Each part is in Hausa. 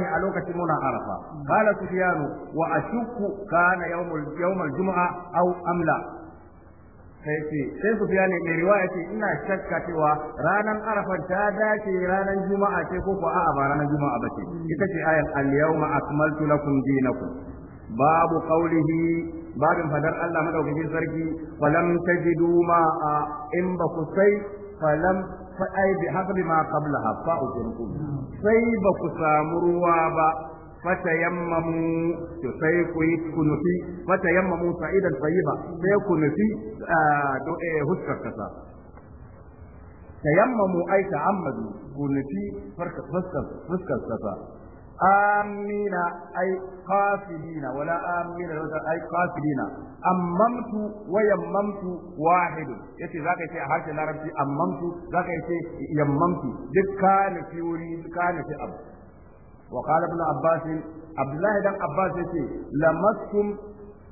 a lokacin muna arafa qala sufyanu wa ashukku kana yawmul yawmal jumu'a aw amla sai ce sai sufyanu mai riwaya ce ina shakka cewa ranar arafa ta dace ranar juma'a ce ko ko a'a ba ranar juma'a ba ce ita ce ayat al yawma akmaltu lakum dinakum babu qawlihi babin fadar Allah madaukakin sarki falam tajidu ma in ba ku sai falam ai bi hadri ma qablaha fa'u kunkum sai ba ku samu ruwa ba fatayammamu to sai ku yi kunufi fatayammamu sa'idan tayyiba sai ku nufi to eh huskar kasa tayammamu ai ta'ammadu kunufi farka fuskar fuskar kasa amina ai kafirina wala amina wala ai kafirina ammamtu wa yammamtu wahidun yace zaka ce a harshen larabci ammamtu zaka ce yammamtu dukkan fiuri dukkan fi abu wa qala ibn abbas abdullah ibn abbas yace lamastum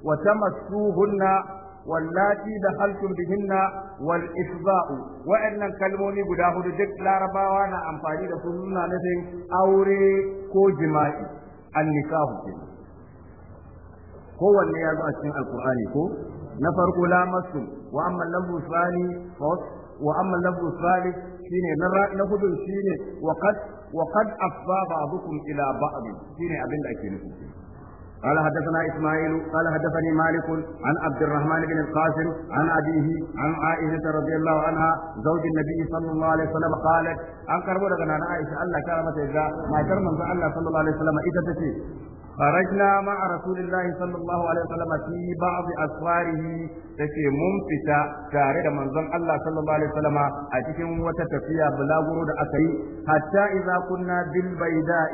wa tamassuhunna wallati da haltum bihinna wal isba'u wa'annan kalmomi guda hudu duk larabawa na amfani da su suna nufin aure ko jima'i annikahu kenan kowanne ya zo a cikin alkur'ani ko na farko lamastum wa amma lafzu sani wa shine na hudu shine wa qad wa qad afba shine abin da ake nufi قال حدثنا إسماعيل قال حدثني مالك عن عبد الرحمن بن القاسم عن أبيه عن عائشة رضي الله عنها زوج النبي صلى الله عليه وسلم قالت أنكر ولدنا عائشة الله كرمت إذا ما كرم الله صلى الله عليه وسلم إذا تسير خرجنا مع رسول الله صلى الله عليه وسلم في بعض أسفاره تكي منفتا تارد من ظن الله صلى الله عليه وسلم أتكم وتتفيا بلا ورود أكي حتى إذا كنا بالبيداء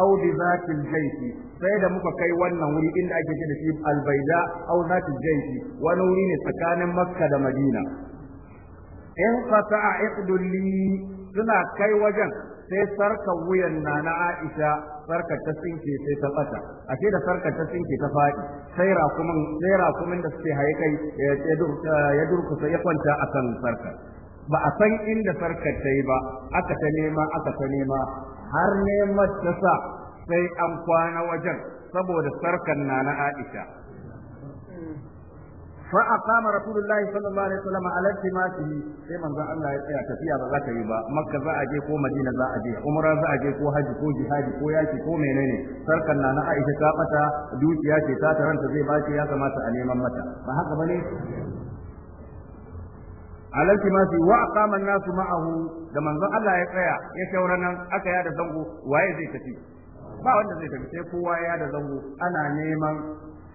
أو بذات الجيش سيدا مكا كي وانا وري إن أجد البيداء أو ذات الجيش ونورين سكان مكة مدينة in qata'a iqdulli suna kai wajen sai sarka wuyan na na Aisha sarka ta sinke sai ta bata ashe da sarka ta sinke ta faɗi, sai rakumin sai rakumin da suke haye kai ya sai ya kwanta akan sarka ba a san inda sarkar ta yi ba aka ta nema aka ta nema har neman ta sa sai an kwana wajen saboda sarkar na na Aisha fa aqama rasulullahi sallallahu alaihi wasallam ala timatihi sai manzo Allah ya tsaya tafiya ba za ka yi ba makka za a je ko madina za a je umra za a je ko haji ko jihadi ko yaki ko menene sarkan na Aisha ta bata dukiya ce ta taranta zai bace ya kamata a neman mata ba haka bane ala timati wa aqama an-nas ma'ahu da manzo Allah ya tsaya ya shaura nan aka yada zango waye zai tafi ba wanda zai tafi sai kowa ya da zango ana neman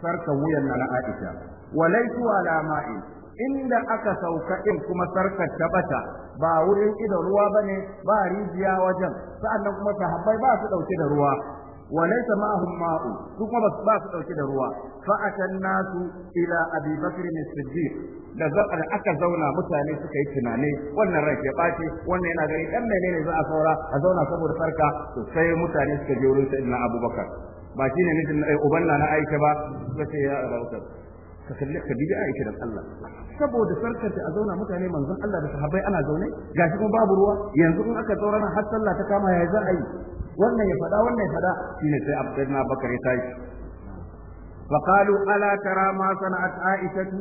Sarkar wuyan na Aisha wa ala ma'in inda aka sauka ɗin kuma sarkar ta bata ba wurin idan ruwa bane ba rijiya wajen sa'annan kuma sahabbai ba su dauke da ruwa وليس معهم ماء kuma ba su dauke da ruwa fa nasu ila abi bakr siddiq da aka zauna mutane suka yi tunani wannan rai ya bace wannan yana gari dan menene za a saura a zauna saboda sarka to sai mutane suka je wurin sayyidina abubakar ba shi ne mijin eh, uban na na Aisha ba ba sai ya Abubakar ka kalli Khadija Aisha dan Allah saboda sarkar ta zauna mutane manzon Allah da sahabbai ana zaune gashi kuma babu ruwa yanzu in aka tsaura nan har sallah ta kama ya za a yi wannan ya fada wannan ya fada shine sai Abdurrahman Bakar ya tashi فقالوا ألا ترى ما صنعت عائشة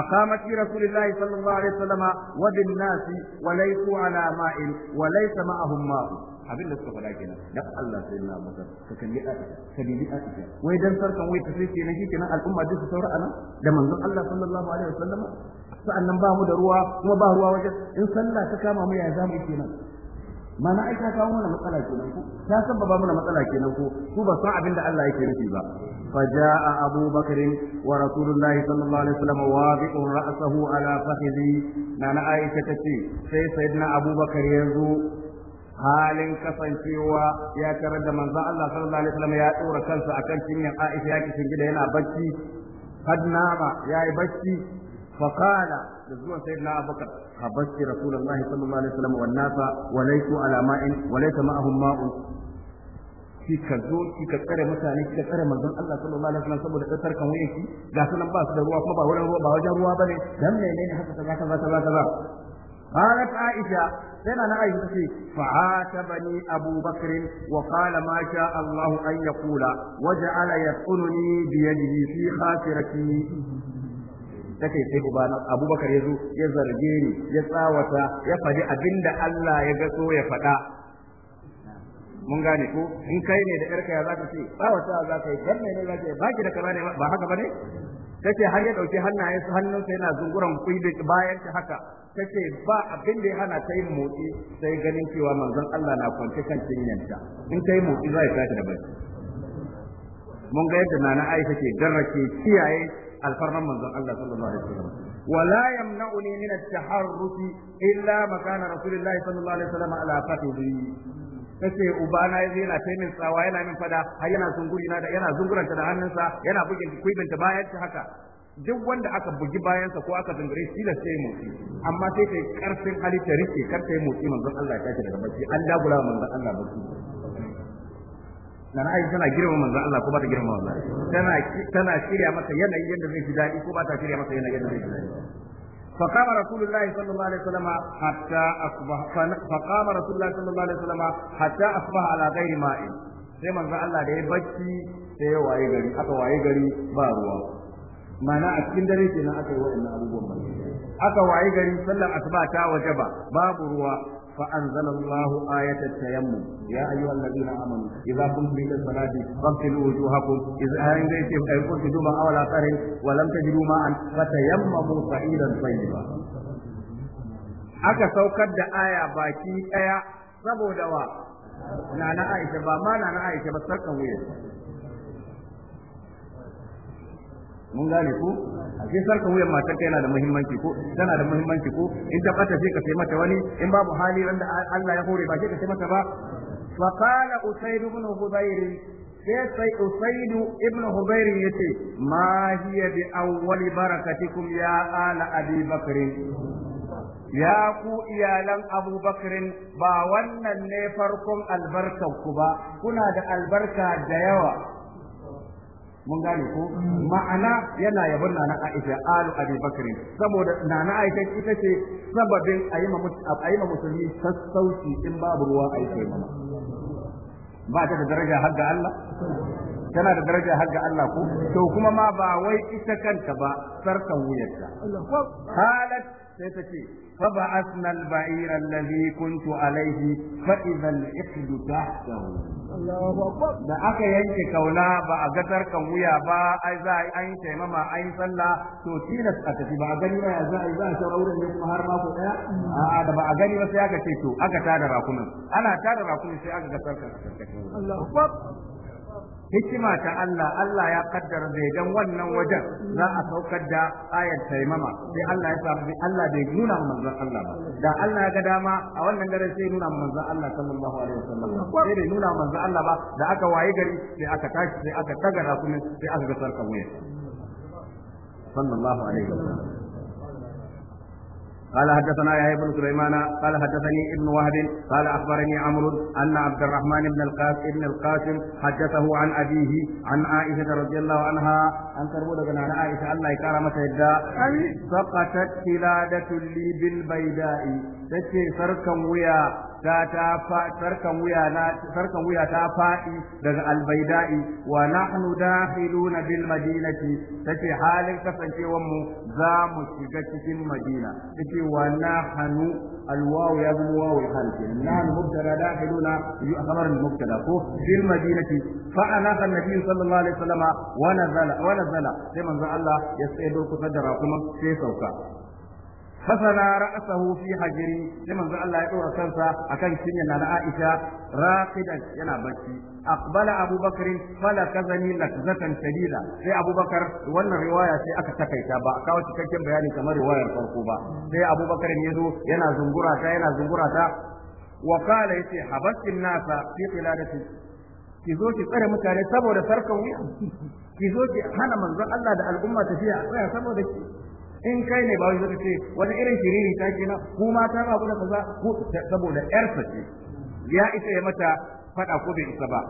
أقامت في رسول الله صلى الله عليه وسلم وبالناس وليسوا على ماء وليس معهم ماء abin da suka faɗa kenan dan Allah sai na maka ka kalli Aisha ka bibi Aisha wai dan sarkan wai ta sai kenan kenan al'umma duk su saura anan da manzon Allah sallallahu alaihi wasallama sa'annan ba mu da ruwa kuma ba ruwa wajen in sallah ta kama mu ya zamu kenan mana ai ta kawo mana matsala kenan ko ta sabbaba mana matsala kenan ko ku ba san abin da Allah yake nufi ba فجاء أبو بكر ورسول الله صلى الله عليه وسلم واضع رأسه على فخذي نانا عائشة تشي سيدنا أبو بكر يزو halin kasancewa ya tarar da manzon Allah sallallahu alaihi wasallam ya dora kansa akan cinyan Aisha yake cikin gida yana bacci kad nama yayi bacci fa qala da zuwan sayyidina Abubakar habasti rasulullahi sallallahu alaihi wasallam wan nasa wa laysu ala ma'in wa laysa ma'ahum ma'un kika zo ka tsare mutane ki ka tsare manzon Allah sallallahu alaihi wasallam saboda kasar kan wuyan ki ga sunan ba su da ruwa kuma ba wurin ruwa ba wajen ruwa bane dan menene haka kaza kaza kaza kaza قالت Aisha. sai na aisha ce fa atabani abu bakr wa qala ma sha Allah an yaqula wa ja'ala yasununi bi yadihi fi khatirati take sai ubana abubakar yazo ya zarge ni ya tsawata ya faɗi abinda Allah ya ga so ya faɗa mun gane ko in kai ne da yarka ya zaka ce tsawata zaka yi dan ne za zaka yi baki da kaza ne ba haka bane kace har ya dauki hannayen su hannunsa yana zunguran kuidi bayan ta haka tace ba abin da ya hana ta yin motsi sai ganin cewa manzon Allah na kwance kan cinyanta in ta yi motsi za ya tashi da bai mun ga yadda nana Aisha ke garrake kiyaye alfarman manzon Allah sallallahu alaihi wasallam ولا يمنعني من التحرك إلا مكان رسول الله sallallahu alaihi wasallam ala fatihi فخذي kace ubana yaje yana ta min tsawa yana min fada har yana zunguri na da yana zunguranta da hannunsa yana buge kuibinta bayan ta haka duk wanda aka bugi bayansa ko aka zangare da sai motsi amma sai kai karfin hali ta rike kar kai motsi manzon Allah ya tashi daga bacci an dagula manzon Allah bacci nan aisha tana girma manzon Allah ko ba ta girma wallahi tana tana shirya masa yanayi yadda zai ji dadi ko ba ta shirya masa yanayi yadda zai ji dadi فقام رسول الله صلى الله عليه وسلم حتى أصبح فقام رسول الله صلى الله عليه وسلم حتى أصبح على غير ماء sai manzo Allah da ya bacci sai ya waye gari aka waye gari ba ruwa ma'ana a cikin dare kenan aka yi wa'annan abubuwan ba aka wayi gari sallar asuba ta ba. babu ruwa fa anzalallahu ayatat tayammum ya ayyuhal ladina amanu idza kuntum ila salati faghsilu wujuhakum idza ayyukum aykum tujuma aw la tarin wa lam tajidu ma'an fatayammamu sa'idan tayyiba aka saukar da aya baki daya saboda wa nana Aisha ba ma nana Aisha ba sarkan wuya mun gane ko a ce sarka wuyan matar ka yana da muhimmanci ko tana da muhimmanci ko in ta bata sai ka sai mata wani in babu hali randa Allah ya hore ba sai ka sai mata ba wa qala usayd ibn hubayr sai sai usayd ibn hubayr yace ma hiya bi awwali barakatikum ya ala abi bakr ya ku iyalan abubakarin ba wannan ne farkon ku ba kuna da albarka da yawa mun gane ko ma'ana yana yabon nana Aisha alu Abi Bakr saboda nana Aisha ita ce sababin ayyama musulmi sassauci in babu ruwa a mana ba ta da daraja har ga Allah tana da daraja har ga Allah ko to kuma ma ba wai ita kanta ba sarkan wuyarta halat sai ta ce فبعثنا البعير الذي كنت عليه فإذا الإحد تحته da aka yanke kauna ba a gatar kan wuya ba ai za a an taimama an yi sallah to tilas a tafi ba a gani ba za a yi, za a shawara wurin ne kuma har mako daya a da ba a gani ba sai aka ce to aka tada rakunan ana tada rakunan sai aka gatar kan Allah hikima ta Allah Allah ya kaddara da dan wannan wajen za a saukar da ayar taimama sai Allah ya samu Allah bai nuna manzon Allah ba da Allah ya ga dama a wannan dare sai nuna manzon Allah sallallahu alaihi wasallam sai bai nuna manzon Allah ba da aka waye gari sai aka tashi sai aka tagara kuma sai aka ga wuya sallallahu alaihi wasallam قال حدثنا يحيى بن سليمان قال حدثني ابن وهب قال اخبرني عمرو ان عبد الرحمن بن القاسم بن القاسم حدثه عن ابيه عن عائشه رضي الله عنها ان تربو عن عائشه الله يكرمها يدا سقطت قلادة لي بالبيداء تشي سركم ويا ta ta sarkan wuya na sarkan wuya ta fadi daga albaida'i wa nahnu dakhiluna bil madinati tace halin kasancewar mu za mu shiga cikin madina tace wa nahnu alwaw ya zama wawu hal kenan nahnu mubtada dakhiluna yu'tabar al mubtada ko bil madinati fa ana kan nabi sallallahu alaihi wasallama wa nazala wa nazala sai manzo Allah ya tsaye da kusa da rakuma sai sauka fasara ra'asa fi hajiri sai manzo Allah ya dora kansa akan cinyar na Aisha raqidan yana bacci aqbala Abu Bakr fala kazani lakzatan shadida sai Abu wannan riwaya sai aka takaita ba a kawo cikakken bayani kamar riwayar farko ba sai Abu Bakr ya zo yana zungura ta yana zungura ta wa qala yace habastin nasa fi qiladati ki zo ki tsare mutane saboda sarkan wuya ki zo ki hana manzo Allah da al'umma tafiya tsaya saboda ki in kai ne ba wai zaka ce wani irin shiriri ta kenan ku mata ba ku da kaza ku saboda yar ce ya isa ya mata fada ko bai isa ba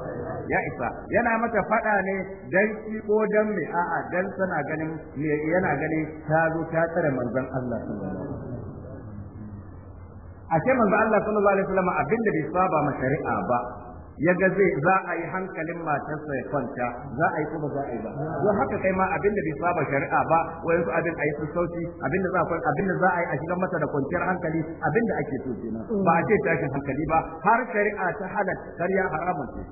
ya isa yana mata fada ne dan shi ko dan me a'a dan sana ganin yana ganin ta zo ta tsare manzon Allah sallallahu alaihi wasallam ce manzo Allah sallallahu alaihi wasallam abinda bai saba ma shari'a ba ya ga zai za a yi hankalin matarsa ya kwanta za a yi kuma za a yi ba don haka kai ma abin da bai saba shari'a ba wayan su abin a yi sassauci abin da za a abin da za a yi a shiga mata da kwanciyar hankali abin da ake so kenan ba a ce tashin hankali ba har shari'a ta halatta karya haramun ce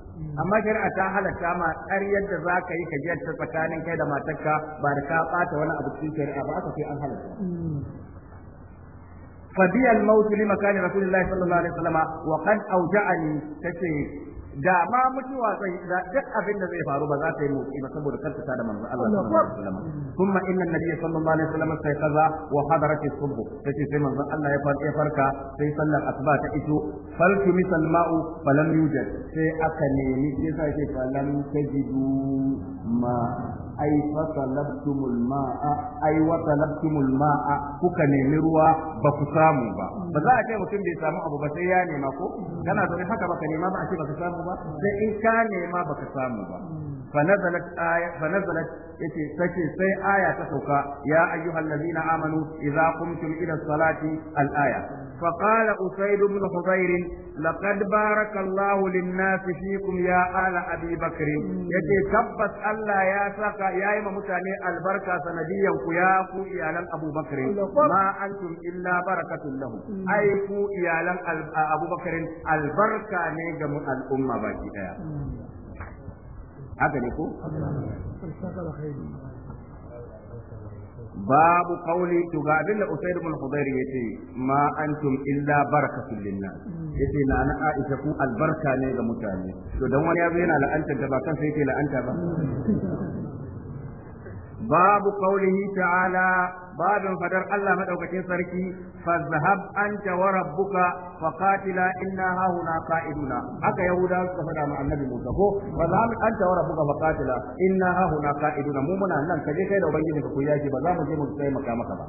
amma shari'a ta halatta ma ƙaryar da za ka yi ka ta tsakanin kai da matarka ba da ka ɓata wani abu cikin shari'a ba aka ce an halatta فبي الموت لمكان رسول الله صلى الله عليه وسلم وقد أوجعني تشي da ma mutuwa zai da duk abin da zai faru ba za ta yi motsi ba saboda kanta ta da manzo Allah sallallahu alaihi wasallam kuma inna nabiyyi sallallahu alaihi wasallam sai kaza wa hadarat as-subh sai sai manzo Allah ya farka farka sai sallar asuba ta iso falki misal ma'u falam yujad sai aka nemi sai sai falam tajidu ma ai fasalabtumul ma'a ai ma'a kuka nemi ruwa ba ku samu ba ba za a ce mutum bai samu abu ba sai ya nema ko kana zaune haka baka nema ba a ce baka samu ba sai in ka nema baka samu ba فنزلت آية فنزلت sai aya ta sauka ya ayyuhal ladina amanu idza qumtum ila salati al فقال أسيد بن حضير لقد بارك الله للناس فيكم يا آل أبي بكر يجي تبت ألا يا ساقا يا إما متاني البركة سنديا كياكو إيالا أبو بكر ما أنتم إلا بركة له أي كو إيالا أبو بكر البركة نيجم الأمة باكي هكذا يقول babu kauli to ga abin da Usaid ibn Hudayr yace ma antum illa barakatun linnas yace na na Aisha ku albarka ne ga mutane to dan wani yazo yana la'anta da ba kansa yake la'anta ba babu qaulihi ta'ala babin fadar Allah madaukakin sarki fazhab anta wa rabbuka faqatila inna hauna qa'iduna haka yahuda suka fada wa annabi Musa ko fazhab anta wa rabbuka faqatila inna hauna qa'iduna mu muna nan kaje kai da ubangiji ka ku yaki ba za mu je mu sai maka maka ba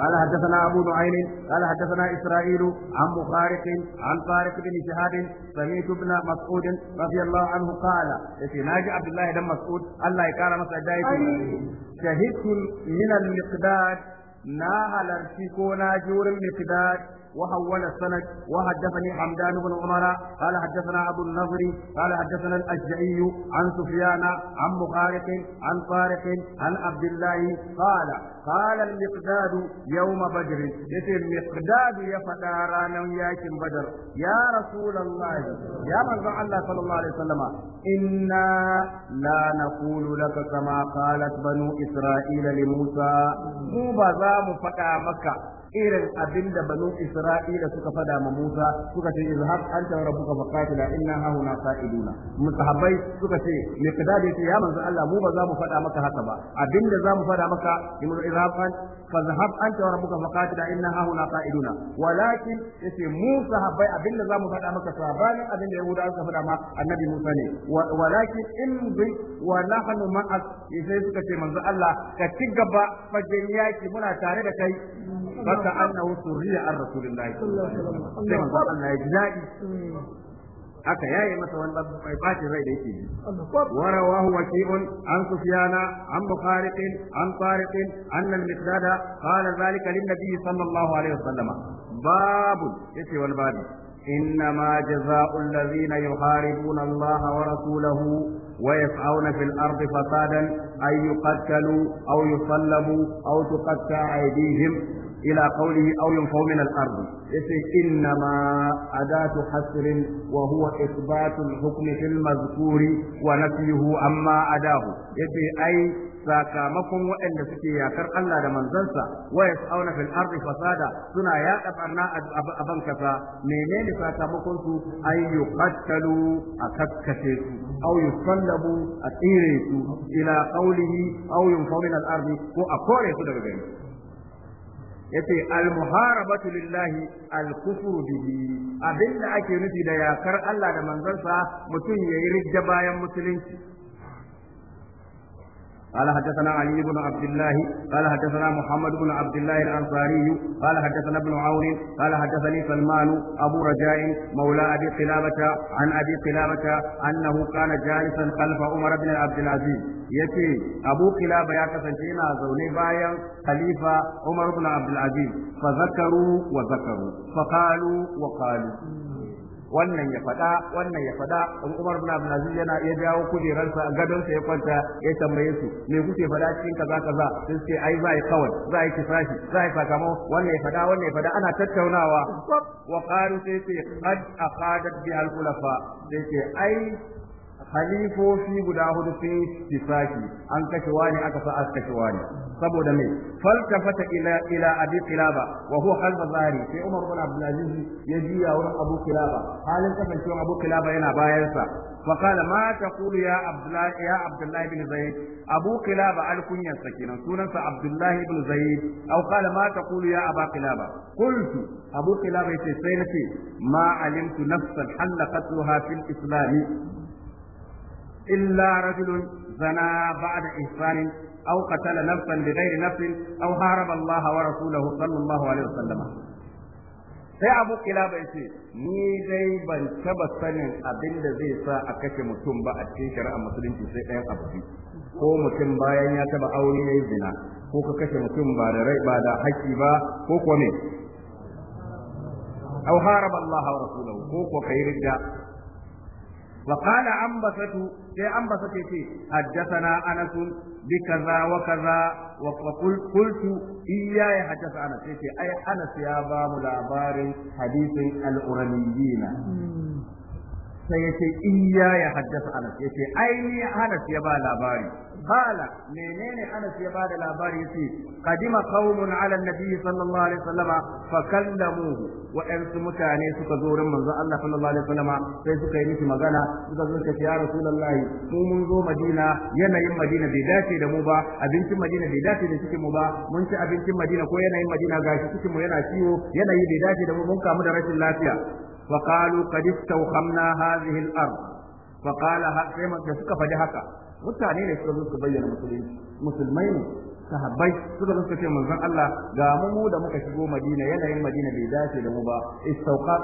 قال حدثنا أبو نعيم قال حدثنا إسرائيل عن مخارق عن طارق بن شهاب سمعت ابن مسعود رضي الله عنه قال في ناجي عبد الله بن مسعود الله يكرم مسعود شهدت من المقداد نا هلرتي كو ناجور المقداد وحول السند وحدثني حمدان بن عمر قال حدثنا ابو النضر قال حدثنا الاشجعي عن سفيان عن مخارق عن طارق عن عبد الله قال قال المقداد يوم بدر يتي المقداد يفدا ranar yakin badar ya rasulullahi ya manzo Allah sallallahu alaihi wasallam inna la naqulu laka kama qalat banu isra'ila li musa mu ba za mu fada maka irin abin da banu isra'ila suka fada ma musa suka ce izhab anta rabbuka faqatila inna hauna qa'iduna musahabai suka ce me kada da ya manzo Allah mu ba za mu fada maka haka ba abin da za mu fada maka خلافا فذهب انت وربك فقاتل ان ها هنا قائدنا ولكن يتي مو صحابي ابن الله مفدا مك صحابي ابن يهودا suka fada ma annabi Musa ne walakin in bi wa nahnu ma'ak sai suka ce manzo Allah ka ci gaba fagen yaki muna tare da kai baka annahu surriya ar aka yaye masa wani mai bacin rai da yake wa rawahu waki'un an sufyana an bukhariq an tariq an al-miqdada qala zalika lin-nabi sallallahu alaihi wasallam babu yace wani babu إنما جزاء الذين يحاربون الله ورسوله ويسعون في الأرض فسادا أن يقتلوا أو يصلبوا أو تقطع أيديهم إلى قوله أو ينفوا من الأرض إنما أداة حصر وهو إثبات الحكم في المذكور ونفيه عما أداه أي sakamakon waɗanda suke yakar Allah da manzansa wa yas'auna fil ardi fasada suna yaƙa farna a ban kasa menene sakamakon su ay yuqattalu a kakkace su aw yusallabu a tsire su ila qawlihi aw yunfaw min al ardi ko a kore su daga gari yace al-muharabatu lillahi al-kufru bihi abinda ake nufi da yakar Allah da manzansa mutum yayi rijja bayan musulunci قال حدثنا علي بن عبد الله قال حدثنا محمد بن عبد الله الأنصاري قال حدثنا ابن عون قال حدثني سلمان أبو رجاء مولى أبي قلابة عن أبي قلابة أنه كان جالسا خلف عمر بن عبد العزيز يتي أبو قلابة يا كسنتينا زوني بايا خليفة عمر بن عبد العزيز فذكروا وذكروا فقالوا وقالوا wannan ya faɗa wannan ya faɗa in Umar bin Abdul Aziz yana ya jawo gadon gadonsa ya kwanta ya tambaye su me kuke faɗa cikin kaza kaza sai ce ai yi kawai za a yi za a yi sakamo wannan ya faɗa wannan ya faɗa ana tattaunawa wa qalu sai ce qad aqadat bi al khulafa sai ce ai halifofi guda hudu sai kifashi an kashe wani aka sa aka kashe wani saboda mai falka fata ila ila abi kilaba wa huwa sai umar bin abdulaziz ya jiya wurin abu halin kasancewa abu kilaba yana bayan sa fa kala ma taqulu ya abdullahi ya abdullahi bin zaid abu kilaba al kunyan sakinan sunansa abdullahi bin zaid aw kala ya aba kilaba qultu abu kilaba yace sai nace ma alimtu nafsan halaqatuha fil islam illa rajulun zana da ihsanin أو قتل نفسا بغير نفس أو هارب الله ورسوله صلى الله عليه وسلم sai abu kilaba ya ce ni dai ban taba sanin abin da zai sa a kashe mutum ba a cikin shari'a musulunci sai ɗayan abu ko mutum bayan ya taba aure ya yi zina ko ka kashe mutum ba da rai ba da haƙƙi ba ko kuwa me au haraba Allah wa rasulahu ko ko kai ridda وقال أنبسة يا أنبسة حدثنا أنس بكذا وكذا وقلت قلت إياي حدث أنس أي أنس يا باب العبار حديث الأورنيين sai ya ce iya ya haddasa anas ya ce aini anas ya ba labari hala menene anas ya ba da labari ya ce kadima qaumun ala nabi sallallahu alaihi wasallama fa kallamuhu waɗansu mutane suka zo wurin manzo Allah sallallahu alaihi wasallama sai suka yi miki magana suka zo suka ce ya rasulullahi mu mun zo madina yanayin madina bai dace da mu ba abincin madina bai dace da cikin mu ba mun ci abincin madina ko yanayin madina gashi cikin mu yana ciwo yanayi bai dace da mu mun kamu da rashin lafiya وقالوا قد استوخمنا هذه الأرض فقال sai da suka faɗi haka mutane ne suka zo su bayyana musulunci musulmai ne sahabbai suka zo suka ce manzon Allah ga mu da muka shigo Madina yanayin Madina bai dace da mu ba istauqa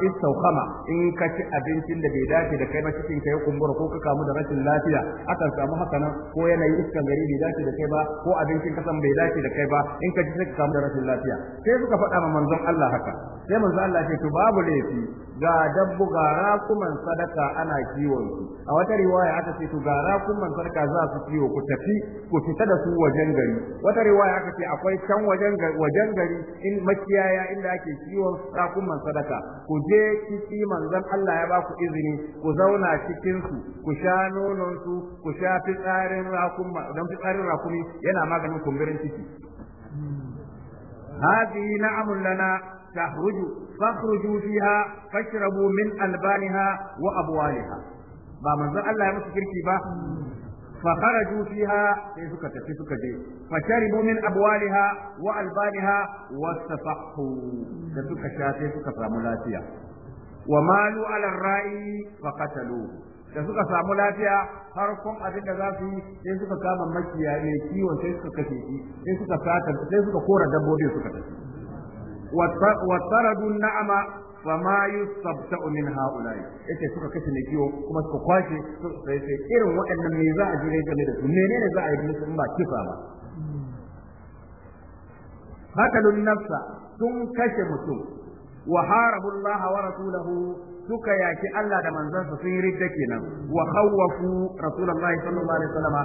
in ka ci abincin da bai dace da kai ba cikin kai, kumbura ko ka kamu da rashin lafiya akan samu haka nan ko yanayin iskan gari bai dace da kai ba ko abincin kasan bai dace da kai ba in ka ci sai ka kamu da rashin lafiya sai suka faɗa ma manzon Allah haka sai manzo Allah ce to babu laifi ga dabbu ga rakuman sadaka ana kiwon su a wata riwaya aka ce to ga rakuman sadaka za su kiwo ku tafi ku fita da su wajen gari wata riwaya aka ce akwai can wajen wajen gari in makiyaya inda ake kiwon rakuman sadaka ku je ciki manzon Allah ya ba ku izini ku zauna cikin su ku sha nonon su ku sha fitsarin rakuman dan fitsarin rakumi yana maganin kumburin ciki hadi نعم lana تخرج فاخرجوا فيها فاشربوا من ألبانها وأبوالها با منظر الله يمسكر كيفا فخرجوا فيها في سكة في سكة فشربوا من أبوالها وألبانها واستفحوا في سكة في سكة ملاتية ومالوا على الرأي فقتلوه da suka samu lafiya farkon abin da za su yi sai suka kama makiya ne kiwon sai suka kashe shi sai suka sata sai suka kora dabbobi suka tafi wataradu na'ama fama yusabta'u min ha'ula'i yace suka kashe mai kiwo kuma suka kwashe sai irin waɗannan me za a jure game da su menene za a yi musu in ba kifa ba qatalun nafsa sun kashe mutum Wahara harabu Allah wa rasulahu suka yaki Allah da manzansa sun yi ridda kenan wa khawwafu rasulullahi sallallahu alaihi wasallam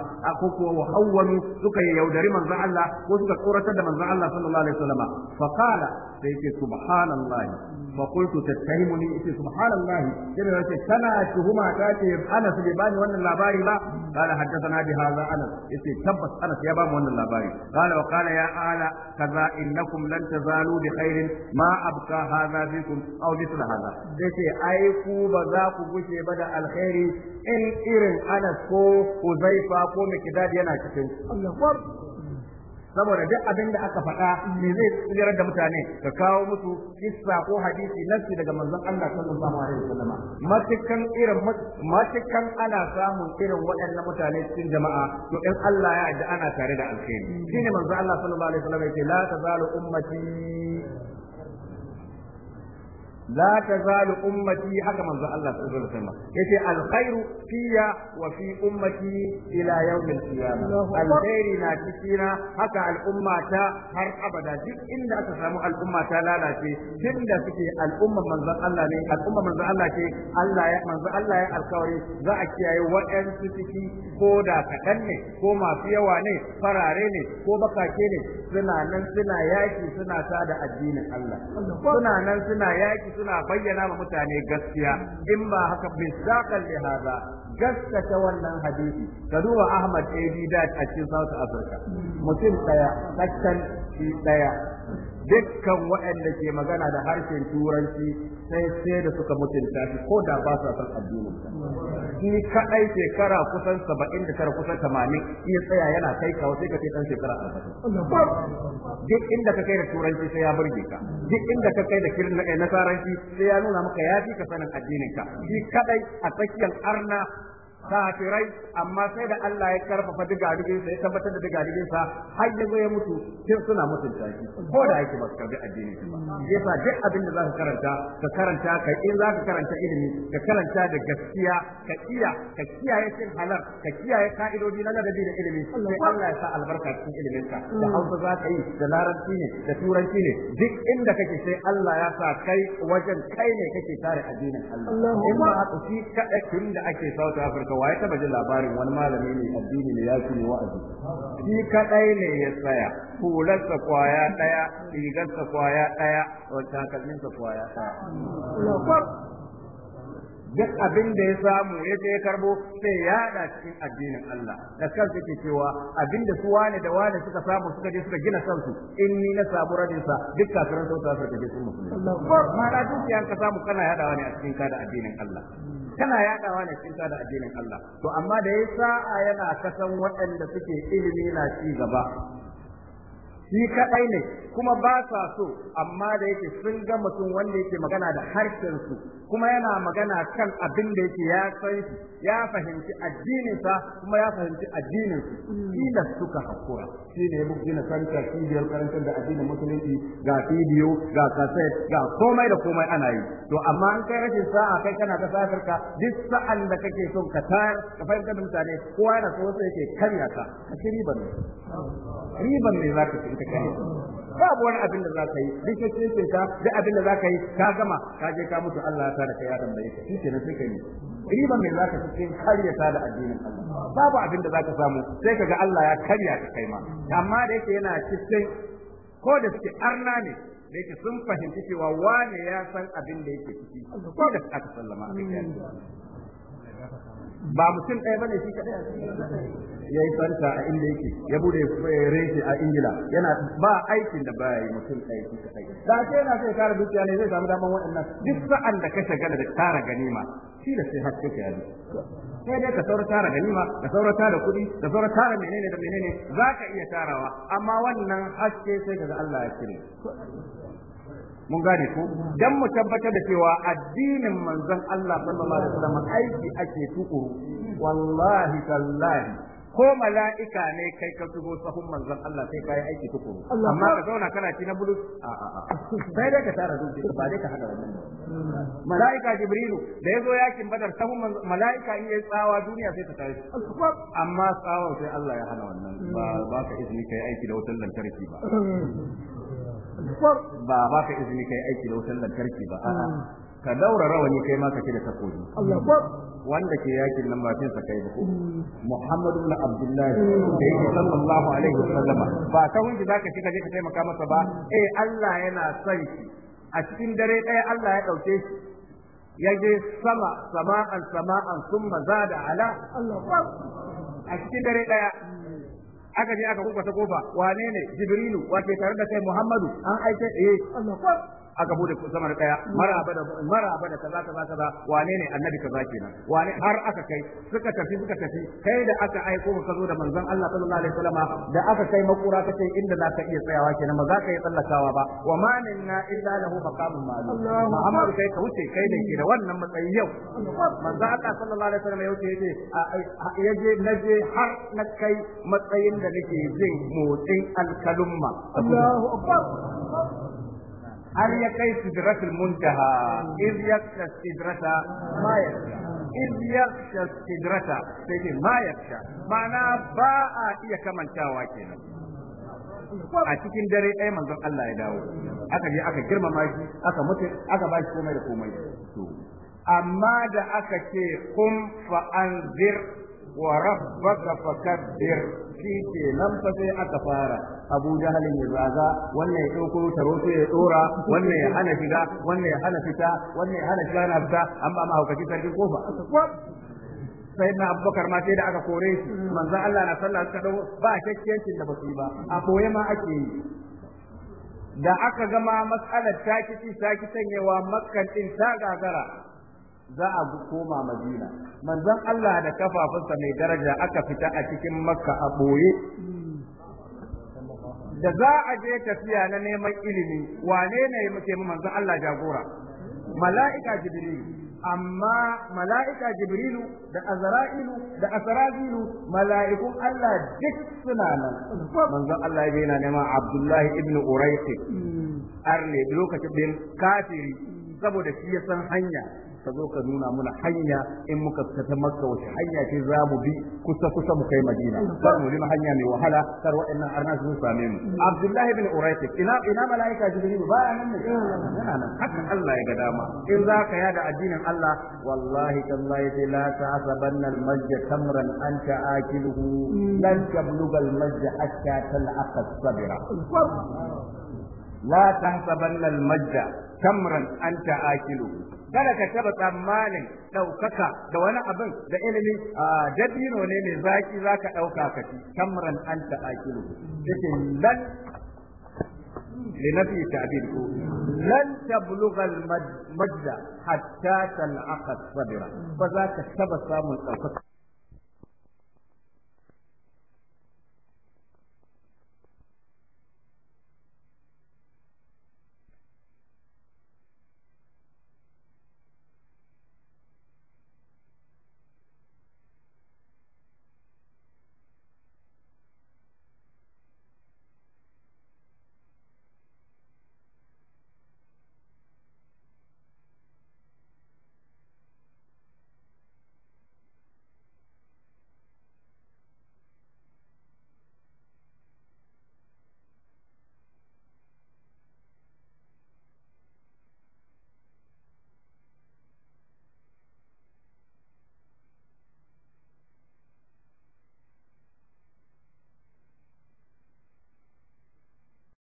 ko kuwa wa khawwalu suka yaudari manzon Allah ko suka tsoratar da manzon Allah sallallahu alaihi wasallam fa qala sai yake subhanallahi fa qultu tattahimuni yace subhanallahi sai yace kana tuhuma ta ce Anas bai bani wannan labari ba qala haddathana bi hadha Anas yace tabbas Anas ya bamu wannan labari qala wa qala ya ala kaza innakum lan tazalu bi khairin ma abqa hadha fikum aw mithla hadha yace ai ku ba za ku gushe ba da alkhairi in irin Anas ko Uzaifa ko Mikdad yana cikin saboda duk abin da aka faɗa me zai tsirar da mutane ka kawo musu kissa ko hadisi nassi daga manzon Allah sallallahu alaihi wasallam matikan irin matikan ana samun irin waɗannan mutane cikin jama'a to in Allah ya yarda ana tare da alkhairi shine manzon Allah sallallahu alaihi wasallam yake la tazalu ummati la zalu ummati haka manzo Allah sallallahu alaihi wasallam yace alkhairu fiya wa fi ummati ila yawmil qiyamah na cikina haka al'ummata har abada duk inda aka samu al'ummata lalace tunda suke al'umma manzo Allah ne al'umma manzo Allah ce Allah ya manzo Allah ya alkawari za a kiyaye waɗansu ciki ko da kaɗan ne ko masu yawa ne farare ne ko bakake ne suna nan suna yaki suna tada addinin Allah suna nan suna yaki suna bayyana ma mutane gaskiya in ba haka bisaqal li hada gaskata wannan hadisi ka duba Ahmad A.D. Dad a cikin South Africa mutum daya kakkan shi daya dukkan waɗanda ke magana da harshen turanci sai sai da suka mutunta shi ko da ba sa san addinin shi kadai shekara kusan 79 kusan 80 iya tsaya yana kai kawo sai ka kai dan shekara 40 duk inda ka kai da turanci sai ya burge ka duk inda ka kai da kirin eh, nasaranci sai ya nuna maka yafi ka sanin addinin ka shi kadai a tsakiyar arna kafirai amma sai da Allah ya karfafa digadigin sa ya tabbatar da digadigin sa har ya zo ya mutu sai suna mutunta shi ko da yake ba su karbi addini ba yasa duk abin da zaka karanta ka karanta ka in zaka karanta ilimi ka karanta da gaskiya ka iya ka kiyaye cin halal ka kiyaye ka'idodi na ladabi da ilimi sai Allah ya sa albarka cikin ilimin ka da Hausa zaka yi da Larabci ne da Turanci ne duk inda kake sai Allah ya sa kai wajen kai ne kake tare addinin Allah in ba haka shi kaɗai da ake South Afirka. waye taba jin labarin wani malami ne addini ne ya ne wa'azi shi kadai ne ya tsaya hularsa kwaya daya rigarsa kwaya daya wata kalminsa kwaya daya duk abin da ya samu ya je karbo sai ya da cikin addinin Allah da kansa ke cewa abin da su wane da wane suka samu suka je suka gina kansu in ni na samu radin sa duk kafiran sauta suka je sun musulmi ma da yan ka samu kana yadawa ne a cikin ka da addinin Allah kana yadawa ne kin da addinin Allah to amma da ya a yana kasan waɗanda suke ilimi na ci gaba shi kadai ne kuma ba sa so amma da yake sun ga mutum wanda yake magana da harshen su kuma yana magana kan abin da yake ya san ya fahimci sa kuma ya fahimci addinin kila suka hakura shi ne ya gina karanta cibiyar karantar da addinin musulunci ga bidiyo ga kaset ga komai da komai ana yi to amma an kai rashin sa'a kai kana ta safar ka duk sa'an da kake so ka tayar ka fahimta da mutane kowa yana so yake karya ka ka ci riban ne riban ne zaka ci ka karya babu wani abin da za ka yi duk shakkin ka da abin da za ka yi ka gama ka je ka mutu Allah ta da kai ya tambaye ka shi kenan sai ka yi riba mai zaka ci cikin karyata da addinin Allah babu abin da zaka samu sai kaga Allah ya karya ka kai ma amma da yake yana cikin ko da suke arna ne da yake sun fahimci cewa wane ya san abin da yake ciki ko da aka sallama ba mutum ɗaya bane shi kadai ya yi fanta a inda yake ya bude eh, reshe a ingila yana ba aikin da ba yi mutum ɗaya shi ka ɗaya da ce yana sai kare dukiya ne zai samu daman waɗannan duk sa'an da ka shagala da tara ganima shi da sai haske ka yaji sai dai ka saura tara ganima ka saura tara kuɗi ka saura tara menene da menene za ka iya tarawa amma wannan haske sai ka ga Allah ya kire mun gane ko dan mu tabbatar da cewa addinin manzon Allah sallallahu alaihi wasallam aiki ake tukuru wallahi tallahi ko mala'ika ne kai ka shigo sahun manzon Allah sai kai aiki tukuru amma ka zauna kana ci na bulus a a a sai dai ka tara zuci ba dai ka hada wannan mala'ika jibrilu da yazo yakin badar sahun mala'ika in yayi tsawa duniya sai ta tare amma tsawa sai Allah ya hana wannan ba ba ka izini kai aiki da wutar lantarki ba hmm. ba ba ka izini kai aiki da wutar lantarki ba a'a mm. ka daura rawani kai ma kake da takobi wanda ke yakin nan ba sai sa kai ba ko mm. Muhammadu ibn Abdullahi da mm. yake sallallahu alaihi wasallam ba ka hunji zaka shiga je ka taimaka masa ba eh Allah yana son shi a cikin dare ɗaya Allah ya dauke shi ya je sama sama'an sama'an summa zada ala a cikin dare ɗaya aka je aka kuka kofa wane ne jibrilu wace tare da kai muhammadu an aika eh Allah aka bude sama da daya maraba da maraba da kaza kaza kaza wane ne annabi kaza kenan wane har aka kai suka tafi suka tafi kai da aka aiko ka zo da manzon Allah sallallahu alaihi wasallama da aka kai makura kace inda za ka iya tsayawa kenan ba za ka yi tsallakawa ba wa ma minna illa lahu maqamun ma'lum Muhammad kai ka wuce kai ne ke da wannan matsayi yau manzon Allah sallallahu alaihi wasallama yau ce yaje naje har na kai matsayin da nake zai motsin alkalumma Allahu akbar har ya kai sidratul muntaha iz yaksha sidrata ma yaksha iz sidrata sai ce ma ma'ana ba a iya kamantawa kenan a cikin dare ɗaya manzon Allah ya dawo aka je aka girmama shi aka mutu aka ba shi komai da komai amma da aka ce kum fa anzir wa rabbaka fakabbir shi ke nan fa sai aka fara abu jahalin ya zaga wannan ya ɗauko taroto ya ɗora wannan ya hana shiga wannan ya hana fita wannan ya hana shiga na fita amma mahaukaci sarkin kofa sai na abubakar ma sai da aka kore shi manzon Allah na sallallahu alaihi wasallam ba kakkiyancin da basu yi ba a koye ma ake yi da aka gama matsalar ta kici ta ki makkan din ta gagara za a koma madina manzon Allah da kafafunsa mai daraja aka fita a cikin makka a ɓoye da za a je tafiya na neman ilimi wane ne muke manzon Allah jagora mala'ika jibril amma mala'ika jibrilu da azra'ilu da asrazilu mala'ikun Allah duk suna nan manzon Allah yana nema Abdullahi ibn Urayqi hmm. arne lokacin din kafiri saboda shi ya san hanya ka zo ka nuna mana hanya in muka fita ta makka wace hanya ce za mu bi kusa kusa mu kai madina kar mu nuna hanya mai wahala kar waɗannan arna su same mu abdullahi bin uraitik ina ina malaika jibril ba ya nan ne yana nan haka Allah ya ga dama in za ka yada addinin Allah wallahi tallahi sai la ta'asabanna al-majd tamran anta akiluhu lan tablugha al-majd hatta tal'aqa as-sabra لا تحسبن المجد تمرا انت اكله kada ka taba tsammanin ɗaukaka da wani abin da ilimi a dabino ne mai zaki za ka ɗauka ka ci tamran an ta akilu yake lan لنفي تعبير لن تبلغ المجد حتى تلعق الصبر فذاك samun سامو